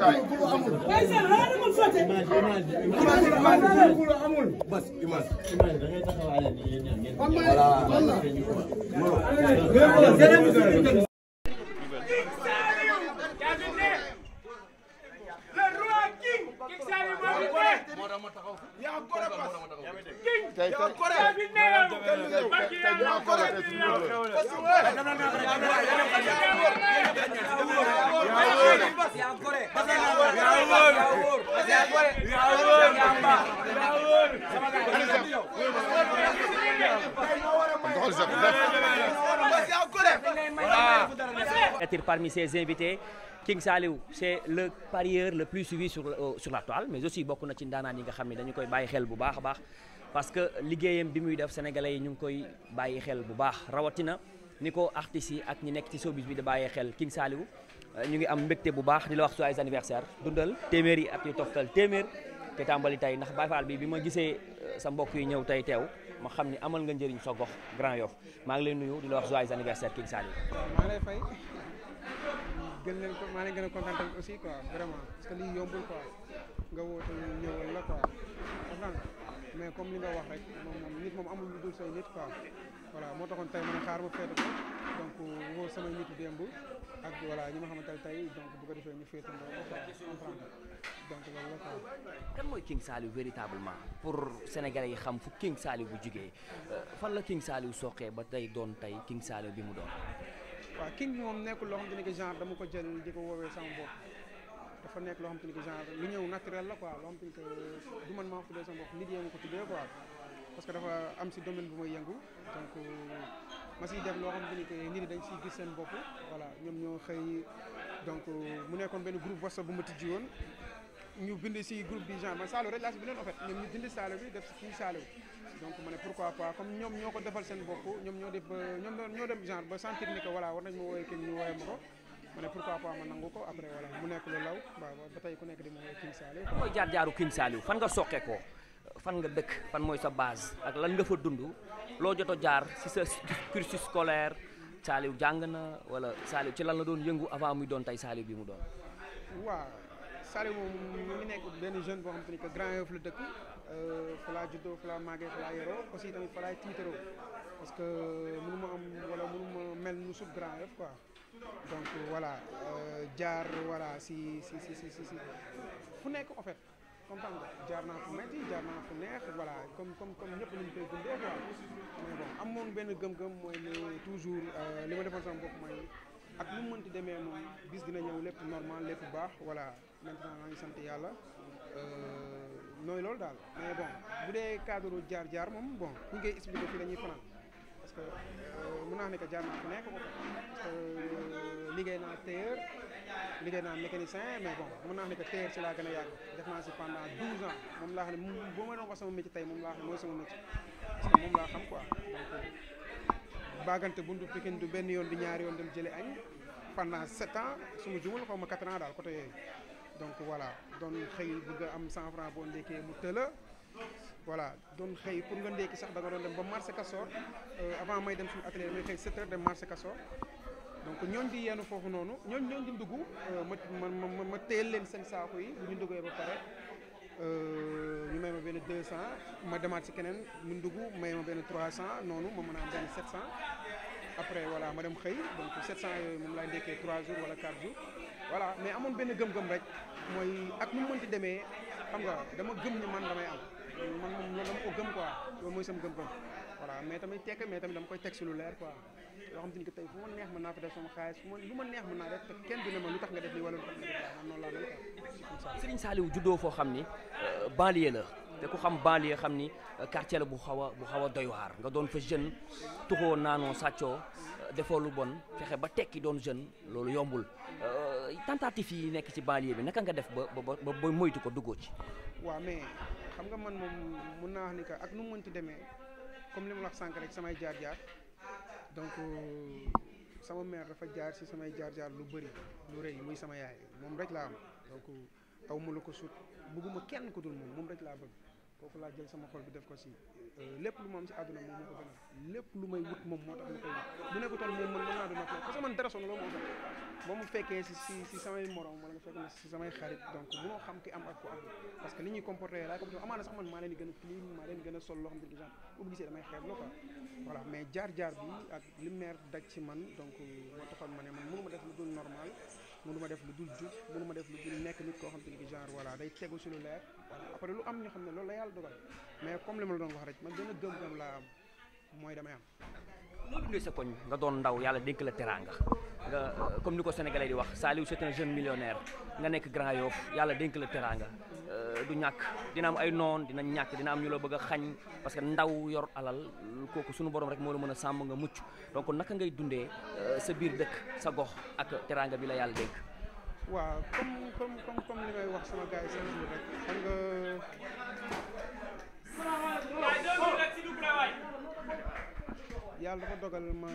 amul. attire parmi ses invités King Saliou c'est le parieur le plus suivi euh, sur la toile mais aussi bokk na ci ndaanaan yi nga xam ne dañu koy bàyyi xel bu baax a baax parce que liggéeyam bi muy def sénégalais yi ñu ngi koy bàyyi xel bu baax rawatina ni ko artistes yi ak ñi nekk ci showbiz bi di bàyyi xel King Saliou euh, ñu ngi am mbégte bu baax di la wax su ay anniversaire dundal téeméeri at yu toftal téeméer te tàmbali tey ndax Baye Fall bi bi ma gisee euh, sa mbokk yi ñëw tey teew ma xam ni amal nga njëriñ sa gox maa ngi lay nuyu la wax joyeux anniversaire King gën leen ko maa leen gën a kontaan aussi quoi vraiment parce que lii yombul quoi nga woote ñëwal la quoi mais comme li nga wax rek moom amul lu dul say nit quoi voilà moo taxoon tey man xaar ma féete ko donc woo sama nitu démb ak voilà ñu ma xamante ne tey donc bu ko defee ñu féete moo ko quoi donc loolu la quoi. kan mooy King Saliou véritablement pour sénégalais yi xam fu King Saliou bu jugee euh, fan la King Saliou soqee ba tey doon tey King Saliou bi mu doon. waaw king bi moom nekkul loo xam te ni que genre dama ko jël di ko woowee sama bopp dafa nekk loo xam te ni que genre lu ñëw naturel la quoi loo xam te ni que du man maa ko tuddee sama bopp nit yee ma ko tuddee quoi parce que dafa am si domaine bu may yëngu donc euh, ma siy def loo xam te ni que nit yi dañ siy gis seen bopp voilà ñoom ñoo xëy donc euh, mu nekkoon benn groupe WhatsApp bu ma tijji yoon ñu bind si groupe bi genre man saalo rek laa si bindoon en fait ñoom ñu bind saalo bi def si saalo bi donc ma ne pourquoi pas comme ñoom ñoo ko defal seen bopp ñoom ñoo def ba ñoom ñoo dem genre ba sentir ni que voilà war nañ ma wooyee kenn mu nekk lu law waaw ba tey ku nekk di ma wooyee King Saliou. fan mooy jaar nga soqee ko fan nga dëkk fan mooy sa base ak lan nga dund loo jot a jaar si sa cursus scolaire Saliou jàng na wala Saliou ci lan la doon yëngu avant muy doon tey Saliou bi mu doon. waaw. Saliou moom mi ngi nekk benn jeune boo xam te ni que Grand Yoff la dëkk euh, fa laa juddoo fa laa màggee fa laa yoroo aussi fa laay tiitaroo parce que euh, mënu ma am wala mënu ma mel nu sut Grand Yoff quoi donc euh, voilà jaar voilà si si si si fu nekk en fait comprendre nga jaar naa fu metti jaar naa fu neex voilà comme comme comme ñëpp nañu koy dundee quoi mais benn gëm-gëm mooy ne toujours li ma defoon sama bopp mooy. ak nu mu mënti demee moom bis dina ñëw lépp normal bu baax voilà maintenant maa ngi sant yàlla euh, nooy loolu daal. mais bu dee cadre jaar-jaar moom bon bu ñu koy expliqué parce que euh, mën naa ne que jaar naa fu nekk parce que euh, liggéey naa naa mécanicien laa a yàgg def naa si pendant laa xam ne moom boo ma doon wax sama métier tey moom laa xam ne mooy sama baagante buntu Pikine du benn yoon di ñaar yoon dem jëlee añ pendant sept ans su ma jumul xaw quatre ans daal côté yooyu donc voilà doon xëy bëgg a am cent franc boo ndékkee mu tëla voilà doon xëy pour nga ndékki sax da nga doon dem ba marché Castor euh, avant may dem suñu atelier damay xëy sept heures dem marché Castor donc ñooñ di yeenu foofu noonu ñooñ ñooñ di ndugg euh, ma ma ma teel leen seen saako yi bu ñu duggee ba pare Euh, ñu may ma benn 200 ma demaat si keneen mu dugg may ma benn 300 noonu ma mën a am benn 700 après voilà ma dem xëy donc 700 yooyu moom laay ndekkee 3 jours wala 4 jours voilà mais amoon benn gëm-gëm rek mooy ak nu mu mënti demee xam nga dama gëm ne man damay am man moom loolu dama ko gëm quoi loolu mooy sama gëm-gëm voilà mais tamit tekk mais tamit dama koy teg si lu leer quoi. loo xam te ni que tey fu ma neex mën naa fa ma lu ma neex mën naa def te kenn dina ma lu tax nga def lii wala lu tax noonu laa mel. Serigne Saliou juddoo foo xam ni euh, banlieue la te ku xam banlieue xam ni euh, quartier la bu xaw a bu xaw a doy waar nga doon fa jeune tuxoo naanoo sàccoo euh, defoo lu bon fexe ba tekki doon jeune loolu yombul tentative yi nekk ci banlieue bi naka nga def ba ba ba moytu ko duggoo ci. waa mais xam nga man moom mun naa wax ni ak nu mu mënti demee comme li mu la wax sànq rek samay jaar-jaar. donc sama mère dafa jaar ci samay jaar-jaar lu bëri lu rëy muy sama yaay moom rek laa am donc aw ma lu ko sut bëgguma kenn ku dul moom moom rek laa bëgg foofu laa jël sama xol bi def ko si euh, lépp lu ma am si àdduna moom moo ko gënal lépp lu may wut moom moo tax bu nekkutoon moom man man dara sonn loolu moo tax mu fekkee si si si samay morom wala nga fekk na donc munoo xam ki am ak ku am parce que ni ñuy comporté leen di gën leen gën sol loo xam ne genre bu gisee damay xeeb la quoi voilà mais jaar-jaar bi ak li meer daj ci man donc moo taxoon ma ne man mënu ma def lu dul normal mënuma def lu dul jub mënuma def lu dul nekk nit koo xam te ni genre voilà day tegu si lu leer après lu am ñoo xam ne loolu la yàlla dogal mais comme li ma la doon wax rek man gën a gëm-gëm laa am mooy damay am. noo dundee sa koñ nga doon ndaw yàlla dénk la teraanga nga euh, comme ni ko sénégalais di wax Saliou c'est un jeune millionnaire nga nekk Grand Yoff yàlla dénk la teraanga. Euh, du ñàkk dina am ay noon dina ñàkk dina am ñu la bëgg a xañ parce que ndaw yor alal kooku suñu borom rek moo la mën a sàmm nga mucc donc naka ngay dundee euh, sa biir dëkk sa gox ak teraanga bi la yàlla dénk. waaw comme comme comme li ngay wax sama gars yi seen rek xam nga. yàlla dafa dogal ma.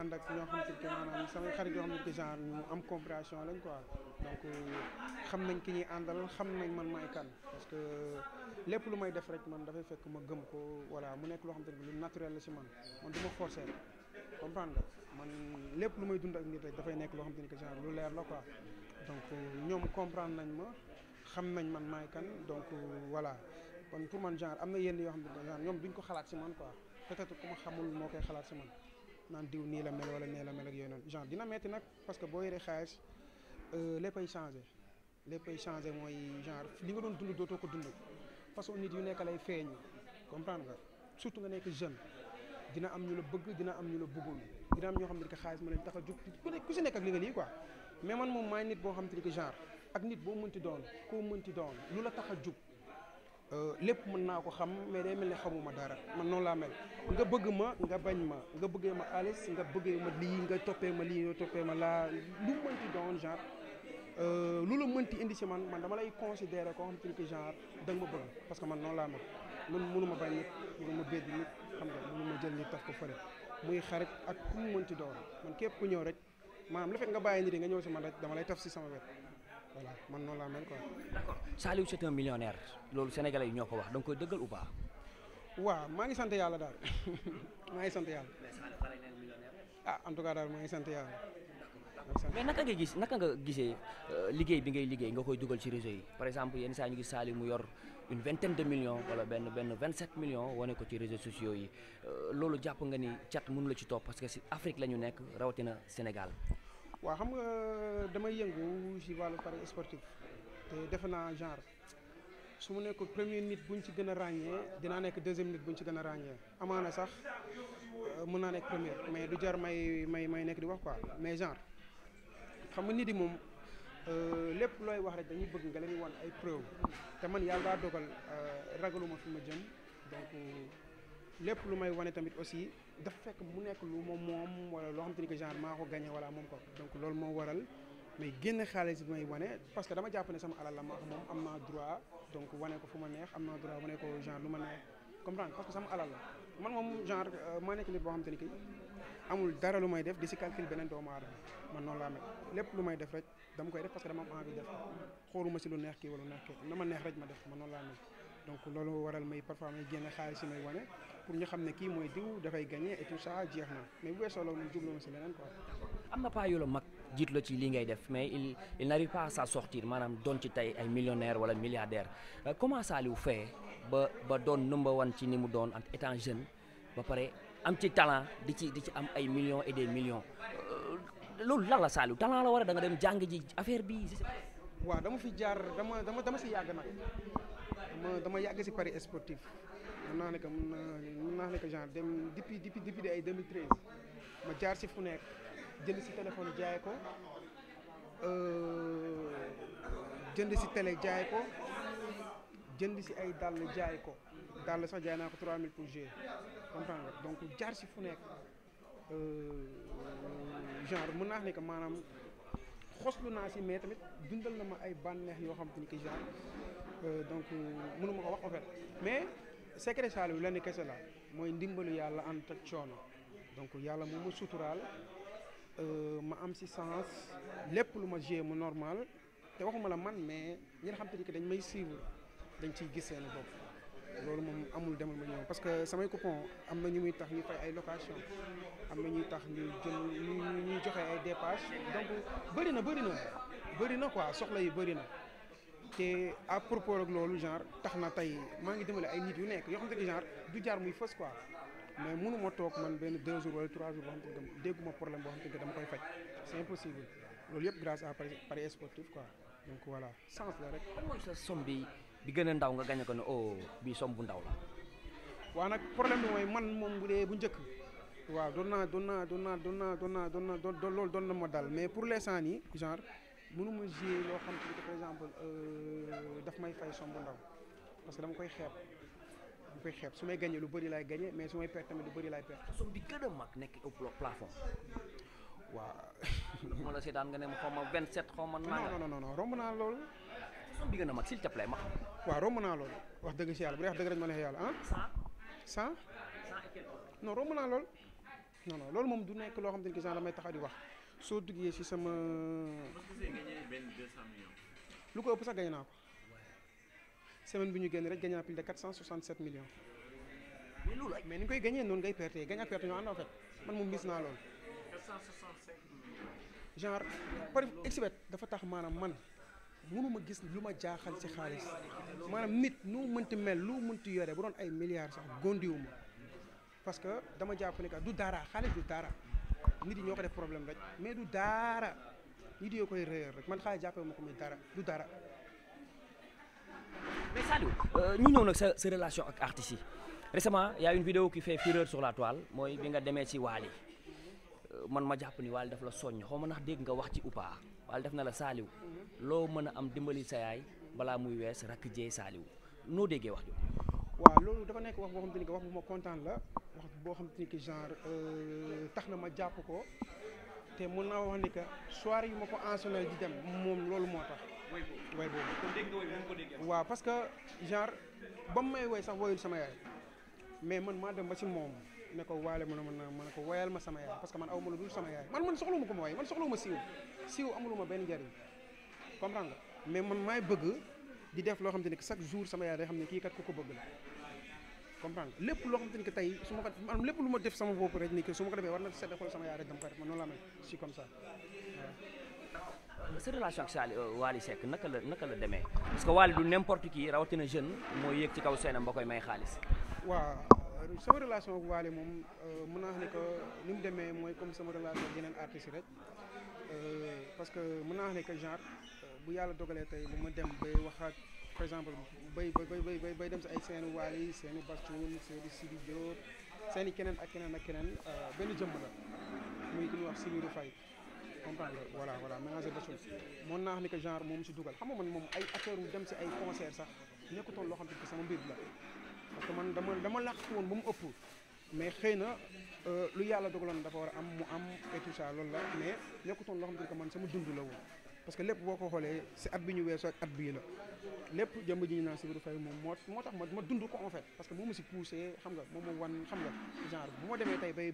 ànd ak ñoo xam ne maanaam samay xarit yoo xam ne genre lañ quoi donc xam nañ ki ñuy àndal xam nañ man maay kan parce que lépp lu may def rek man dafay fekk ma gëm ko voilà mu nekk loo xam te ne lu la si man man du ma forcer lépp lu may dund ak nit dafay nekk loo xam te ne que genre lu leer la quoi donc ñoom nañ ma xam nañ man maay kan donc voilà kon pour na yenn yoo xam ne genre ñoom duñ ko xalaat si man quoi peut-être ku ma xamul moo koy xalaat si man. naan diw nii la mel wala nee la mel ak yooyu noonu genre dina metti nag parce que boo yoree xaalis euh, léppay changé léppay changé mooy genre li nga doon dund dootoo ko dund façon nit yu nekk lay feeñ comprendre nga surtout nga nekk jeune dina am ñu la bëgg dina am ñu la bëggul dina am ñoo xam ne que xaalis ma leen tax a jug ku si nekk ak li nga lii quoi mais man moom maay nit boo xam te ni que genre ak nit boo mënti doon koo mënti doon lu la tax jug Euh, lépp mën naa ko xam mais day mel ne xamuma dara man noonu laa mel nga bëgg ma nga bañ ma nga bëggee ma xaalis nga bëggee ma lii nga toppee ma lii nga toppee ma laa lu mënti doon genre euh, lu la mënti indi si man man dama lay considérer koo xam te genre da ma bëgg parce que man noonu laa mel man mënu bañ nit mënu ma bédd nit xam nga mënu ma jël nit taf ko fële muy xarit ak ku mu mënti doon man képp ku ñëw rek maanaam la fekk nga bàyyi nit nga ñëw si man rek dama lay taf si sama voilà man noonu laa mel quoi. d'accord Saliou c'est loolu sénégalais yi ñoo ko wax da nga koy dëggal ou pas. waaw maa ngi sant yàlla daal maa ngi sant yàlla. Ah, en tout cas daal maa ngi sant yàlla. mais naka nga gis naka nga gisee euh, liggéey bi ngay liggéey nga koy dugal ci réseau yi par exemple yenn saa ñu gis Saliou mu yor une vingtaine de millions wala benn benn vingt sept millions wane ko ci réseaux sociaux yi euh, loolu jàpp nga ni cat mënu la ci topp parce que si Afrique la ñu nekk rawatina Sénégal. waa xam nga euh, damay yëngu si wàllu pari sportif te defe naa genre su mu nekk premier nit bu buñ ci gën a ràññee dinaa nekk deuxième nit buñ ci gën a ràññee amaana sax euh, mën naa nekk premier mais du jar may may may nekk di wax quoi mais genre xam nga nit di moom euh, lépp looy wax rek dañuy bëgg nga leen wan ay preuve te man yàlla daa dogal ragaluma fi ma jëm donc lépp lu may wane tamit aussi dafa fekk mu nekk lu ma moom wala loo xam te ni que genre maa ko gagné wala moom ko donc loolu moo waral may génn xaalis bi may wane parce que dama jàpp ne sama alal la ma moom wane ko fu ma neex am naa droit wane ko genre lu ma neex comprendre parce alal la man moom genre euh, maa nekk nit boo xam te ni que amul dara lu may def di si calcul beneen doomu aadama man noonu laa mel lépp lu may def rek dama koy def parce que dama envie def xooluma si lu neex kii wala lu neex kii dama neex rek ma def man noonu laa mel donc loolu waral may parfois may génn xaalis yi may wane pour ñu xam ne kii mooy diw dafay gagné et tout ça jeex na mais bu weesoo loolu jublu ma si leneen quoi. am na pas mag jiit la ci li ngay def mais il il n'arrive pas à maanaam doon ci tey ay millionnaire wala milliardaire euh, comment ça lui fait ba ba doon number one ci ni mu doon en étant jeune ba pare am ci talent di ci di ci am ay millions et de million euh, loolu lan la Saliou talent la war danga dem jàng ji affaire bi. waaw dama fi jaar dama dama dama si yàgg nag. ma dama yàgg si paris sportif mën naa ne que mën naa mën naa genre dem depuis depuis depuis ay 2013 ma jaar si fu nekk jënd si téléphone jaay ko euh, jënd si télé jaay ko jënd si ay dàll jaay ko dàll sax jaay naa ko 3000 pour jouer comprendre nga donc jaar si fu nekk euh, genre mën naax ne maanaam xoslu naa si mais tamit dundal na ma ay bànneex yoo xam te ni que genre. Euh, donc euh, mënuma ko wax en fait mais secret saal bi lenn kese la mooy ndimbalu yàlla ànd ak donc yàlla moom ma suturaal euh, ma am si sens lépp lu ma gée mu normal te waxuma la man mais ñi nga xam te ni que dañ may suivre dañ ci gis seen bopp loolu moom amul demal ma ñoom parce que samay coupon am na ñu muy tax ñu fay ay location am na ñuy tax ñuy jël ñuy joxe ay dépasse donc bëri na bëri na bëri na quoi soxla yi bëri na. te à propos rek loolu genre tax na tey maa ngi dimbale ay nit yu nekk yoo xam ne genre du jaar muy fës quoi mais mënu toog man benn deux jours wala trois jours boo xam te ne dégguma problème boo xam te ne dama koy faj c'est impossible bi bi gën a ndaw nga gagné ko ne oh bii somme bu ndaw la. waaw nag problème bi mooy man moom bu dee bu njëkk. waaw doon naa doon naa doon naa doon naa doon naa doon loolu doon na ma dal mais pour l'instant nii genre. mënu ma jouer loo xam te par exemple euh, daf may fay somb ndaw parce que dama koy xeeb dama koy xeeb su may gagné lu bari laay gagné mais su may perte tamit lu bëri laay perte. somme bi gën a mag waaw. ma la seetaan nga ne ma xaw ma 27 xaw ma. non non non romb naa lool somme gën a mag s'il ma xam. waaw romb naa loolu wax dëgg si yàlla bu dee wax dëgg rek ma neexee yàlla ah. 100. 100. romb naa lool non non loolu moom du nekk loo xam te ne genre damay taxaw di wax. soo duggee si sama. lu ko ëpp sax gañ naa ko. semaine bi ñu génn rek gañ naa plus de 467 millions. mais loolu mais ni koy gañee noonu ngay perte gañ ak perte ñoo ànd en fait man moom gis naa loolu. 465 millions. genre par exemple dafa tax maanaam man mënuma gis lu ma jaaxal ci xaalis maanaam nit nu mënti mel lu mënti yore bu doon ay milliards sax gondiwuma parce que dama jàpp ne du dara xaalis du dara. nit yi ñoo ko def problème rek mais du daara nit yi koy réer rek man xaalis jàppee ma ko muy dara du dara. mais Saliou euh, ñu ñëw nag sa sa relation ak artistes yi récemment y a une vidéo qui fait fureur sur la toile mooy bi nga demee si Wally euh, man ma jàpp ni Wally daf la soññ xaw ma ndax dégg nga wax ci ou pas def na la saaliw loo mën a am dimbali sa yaay balaa muy wees rakk jee saaliw noo déggee wax jo waaw loolu dafa nekk wax bu ma kontaan la. wax boo xam te ni que genre euh, tax na ma jàpp ko te mun naa wax ni que soir yi ma ko ensonné di dem moom loolu moo tax. way boobu kon dégg nga way bi ko déggee. waaw parce que genre ba mu may way sax wayul sama yaay mais man maa dem ba ci moom ne ko waale ma ne ko wayal ma sama yaay parce que man aw ma lu dul sama yaay man man soxluma ko ma way man soxluma siiw siiw amuluma benn njariñ comprendre nga mais man maay bëgg di def loo xam te ne chaque jour sama yaay day xam ne kii kat ku ko bëgg la. comprendre nga lépp loo xamante tey su ma lépp lu ma def sama bopp rek ni que su ma ko defee war na sedd xool sama yaay rek dama ko def man noonu si comme ça waaw. relation ak Sali euh, Wally Seck naka la naka la demee parce que Wally du n'importe qui rawatina jeune moo yéeg ci kaw seenam ba koy may xaalis. waaw euh, sama relation ak Wally moom euh, mun naa wax ne que ni mu demee mooy comme sama relation ak yeneen artistes rek parce que mun naa wax ne que genre bu yàlla dogalee tey lu ma dem bay waxaat. par exemple bay bay bay bay dem si ay seeni Wally seeni Bastoun seeni Sidi Diop seeni keneen ak keneen ak keneen euh, benn jëmm la muy ki ñuy wax Sibirou Faye comprendre voilà voilà mélanger Bastoun mën naa wax ni que genre moom si dugal xam nga man moom ay affaire mu dem si ay concert sax nekkutoon loo xam ne sama mbir la parce que man dama dama làqatu woon ba mu ëpp mais xëy na euh, lu yàlla dogaloon dafa war a am mu am et tout ça loolu la mais nekkutoon loo xam ne que man sama dund la woon parce que lépp boo ko xoolee si at bi ñu weesoo ak at bii la lépp jëmb ji ñu naan Sibirou Faye moom moo moo tax ma ma dund ko en fait parce que moom ma si poussé xam nga moom ma wan xam nga genre bu ma demee tey bay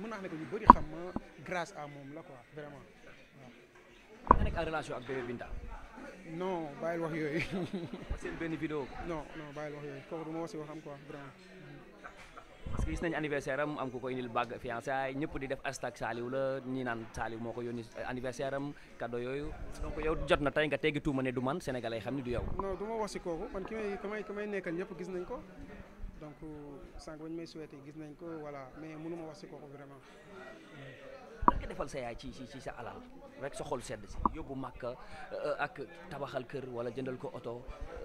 mën naa ne ko ñu bëri xam ma grâce à moom la quoi vraiment waaw. nga nekk en relation ak wax yooyu. seen benn vidéo. non non bàyyil wax yooyu kooku du ma wax si waxam quoi parce que gis nañ anniversaire am am ku ko indil bague fiançaay ñëpp di def hashtag Saliou la ñi naan Saliou moo ko yónni euh, anniversaire am cadeau yooyu donc yow jot na tey nga teggi tuuma ne du man sénégalais xam ne du yow. non du ma wax si kooku man ki may ki may ki may nekkal ñëpp gis nañ ko donc euh, sànq bañ may souhaité gis nañ ko voilà mais mënu ma wax si kooku vraiment. lan nga defal sa yaay ci ci ci sa alal. rek sa xol sedd si yóbbu màkka euh, ak tabaxal kër wala jëndal ko oto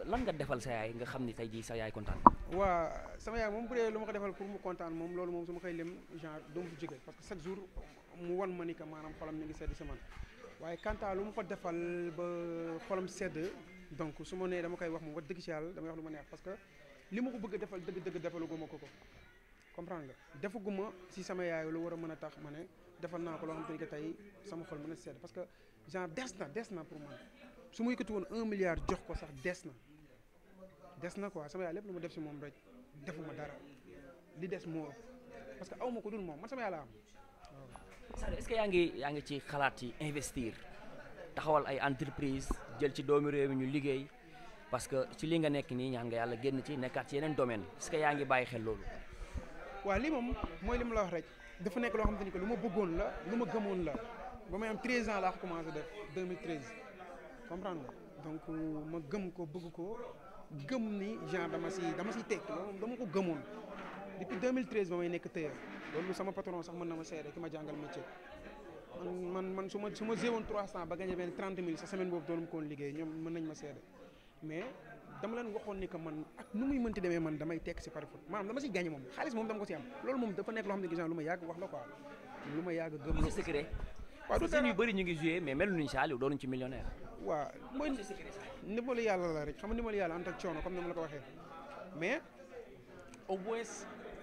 lan nga defal sa yaay nga xam ni say jii sa yaay kontaan. waa sama yaay moom bu dee lu ma ko defal pour mu kontaan moom loolu moom su ma koy lem genre doomu jege parce que chaque jour mu ma ni que maanaam xolam mi ngi sedd si waaye kanta lu ma ko defal ba xolam sedd donc su ma nee dama koy wax moom wax dëgg si yàlla damay wax lu ma neex parce que li ma ko bëgg a defal dëgg-dëgg defaluguma ko ko comprendre nga defaguma si sama yaay lu war a mën a tax ma ne. defal naa ko loo xam te ni que tey sama xol mën a sedd parce que genre des na des na pour man su ma yëkkati woon un milliard jox ko sax des na des na quoi sama yaay lépp lu ma def si moom rek defuma dara li des moo parce que aw ma ko dul moom man sama yaay la am waaw. yaa ngi yaa ngi ci xalaat yi investir taxawal ay entreprise jël ci doomi réew mi ñu liggéey parce que ci li nga nekk nii ñaan nga yàlla génn ci nekkaat ci yeneen domaine parce que yaa ngi bàyyi xel loolu. dafa nekk loo xamante ni que lu ma bëggoon la lu ma gëmoon la ba may am 13 ans laa commencé def 2013 comprendre nga donc euh, ma gëm ko bëgg ko gëm ni genre dama si dama si tekki loolu dama ko gëmoon depuis 2013 ba may nekk tailleur loolu sama patron sax mën na ma seede ki ma jàngal ma man man man su ma su ma zéewoon 300 ba gagné benn 30 000 sa semaine boobu doon mu ko liggéey ñoom mën nañ ma seede dama leen waxoon ni que man ak nu muy mënti demee man damay tekk si pari foot maanaam dama si gagné moom xaalis moom dama ko si am loolu moom dafa nekk loo xam ne ma yàgg wax la quoi lu ma yàgg gëm la secret waaw bëri ñu ngi joué mais melu nuñu saali doonuñ ci millionnaire waaw yàlla la rek xam nga ndimbalu yàlla ànd ak coono comme ni ma la ko waxee mais au moins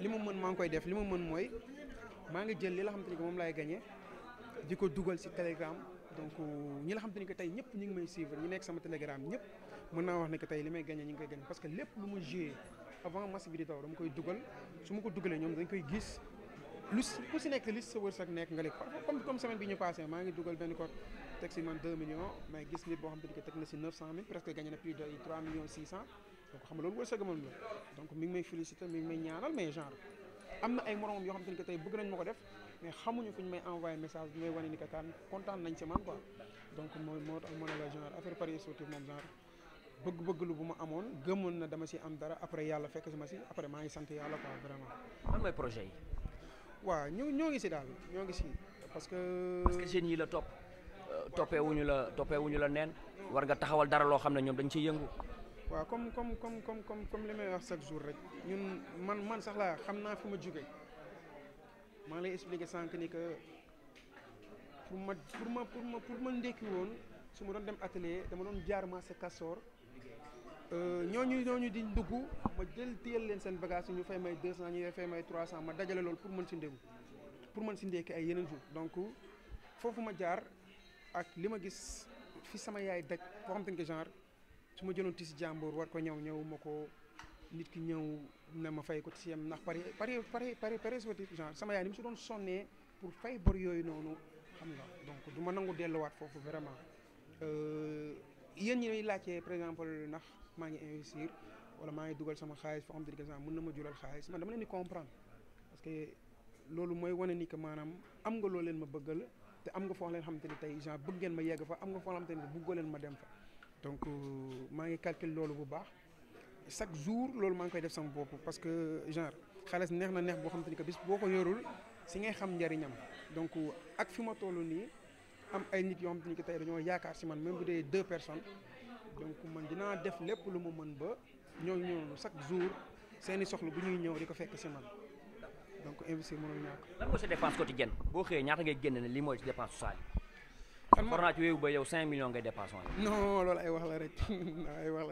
li ma mën maa ngi koy def li ma mën mooy maa ngi jël li la xam te ni que moom laay gagné di ko dugal si telegram donc ñi la xam te ñëpp ñu ngi may suivre ñi nekk sama telegram ñëpp mën naa wax ne que tey li may gagné ñu ngi koy gagné parce que lépp lu ma joué avant match daw dama koy dugal su ma ko dugalee ñoom dañ koy gis lu si nekk li sa wërsëg nekk nga lekk comme semaine bi ñu passé maa ngi dugal benn code teg si man 2 millions mais gis nit boo xam te ni que teg na si 900000 presque gagné na plus de 3 millions 600 donc xam nga loolu wërsëg moom la donc mi may féliciter mi may ñaanal mais genre am na ay moromam moo bëgg-bëgg lu bu ma amoon gëmoon na dama si am dara après yàlla fekk si ma si après maa ngi sant yàlla quoi vraiment. lan mooy projet yi. waaw ñu ñoo ngi si daal ñoo ngi si parce que. parce que jeunes yi la topp. Euh, toppee wuñu la toppee wuñu la neen. war nga taxawal dara loo xam ne ñoom dañ ciy yëngu. waaw comme comme comme comme comme comme li may wax chaque jour rek ñun man man sax laa xam naa fi ma jóge maa lay expliquer sànq ni que pour pour ma pour ma woon su ma doon dem atelier dama doon jaar marché Castor. ñoo euh, ñu ñooñu ñu di dugg ma jël téyel leen seen bagage yi ñu fay may 200 ñu fay may 300 ma dajale loolu pour mën pour mën si ndékki ay yeneen jour donc foofu ma jaar ak li ma gis fi sama yaay daj boo xam te ne su ma jëloon tisi jàmbur war ko ñëw ñëw ma ko nit ki ñëw ne ma fay ko tisi yam ndax pare pare pare pare pare genre sama yaay ni mu si doon sonnee pour fay bor yooyu noonu xam nga donc du ma nangu delluwaat foofu vraiment euh, yéen ñi lay laajte par exemple ndax. maa ngi investir wala maa ngi dugal sama xaalis foo xam te ni mën na ma jural xaalis man dama leen di comprendre parce que loolu mooy wane ni que maanaam am nga loo leen ma bëggal te am nga foo leen xamante ni tey genre bëgg ngeen ma yegg fa am nga foo xamante ni leen ma dem fa. donc euh, maa ngi calcule loolu bu baax chaque jour loolu maa ngi koy def sama bopp parce que genre xaalis neex na neex boo xam xamante ni ko bis boo ko yorul si ngay xam njariñam donc ak fi ma toll nii am ay nit yoo xamante ni que tey dañoo yaakaar si man même bu dee deux personnes. donc man dinaa def lépp lu mu mën ba ñoo ñëw chaque jour seen i soxla bu ñuy ñëw di ko fekk si man donc investir mënul ñàkk. lan mooy sa dépense quotidienne boo xëyee ñaata ngay génn ne li mooy si dépense su saali. am na ci wéyu ba yow 5 ngay dépense woon. non loolu ay wax la rek ay wax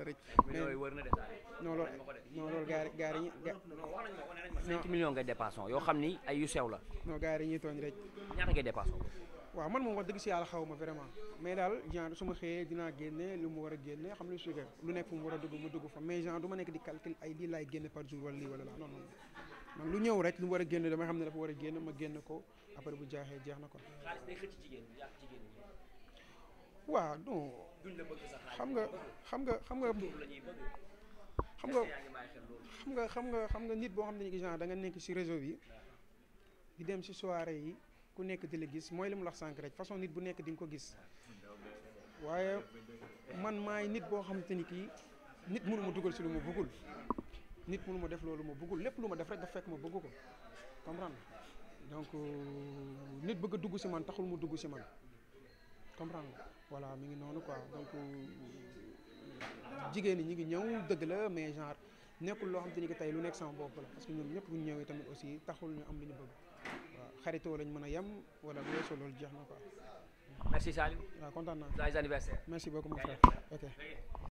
na de saa non loolu non loolu gaari gaari ñi. yoo xam ni ay yu sew la. non gaari ñi tooñ rek. ñaata ngay dépense waaw man moom wax dëgg si yàlla xaw ma vraiment mais daal genre su ma xëyee dinaa génne lu mu war a génne xam lu suukar lu nekk fu war a dugg mu dugg mais genre du ma nekk di calcul ay lii laay génne par jour wala lii wala laa non non man lu ñëw rek lu mu war a génne damay xam ne dafa war a génn ma génn ko après bu jaaxee jeex na ko. xaalis day xëcc jigéen yàq jigéen ñi. waaw non. duñ la bëgg sax xam nga xam nga xam nga. xam nga xam nga xam nga xam nga nit boo xam ne genre da nga nekk si réseau bi di dem si soirée yi ku nekk di la gis mooy li mu wax sànq rek façon nit bu nekk di nga ko gis waaye man maay nit boo xamante ni kii nit mënu ma dugal si lu ma bëggul nit mënu ma def loolu ma buggul lépp lu ma def rek daf fekk ma bëgg ko comprendre donc euh, nit bëgg dugg si man taxul mu dugg si man comprendre nga voilà mi ngi noonu quoi donc euh, jigéen ñi ñu ngi ñëw dëgg la mais genre nekkul loo xam te ni que tey lu nekk sama bopp la parce ñoom ñëpp bu ñëwee tamit aussi taxul ñu am lu ñu bëgg. waaw xaritoo lañ mën a yem wala bu weesoo loolu jeex na quoi. merci Saliou. waaw kontaan naa. joyeux anniversaire. merci beaucoup mon frère ok.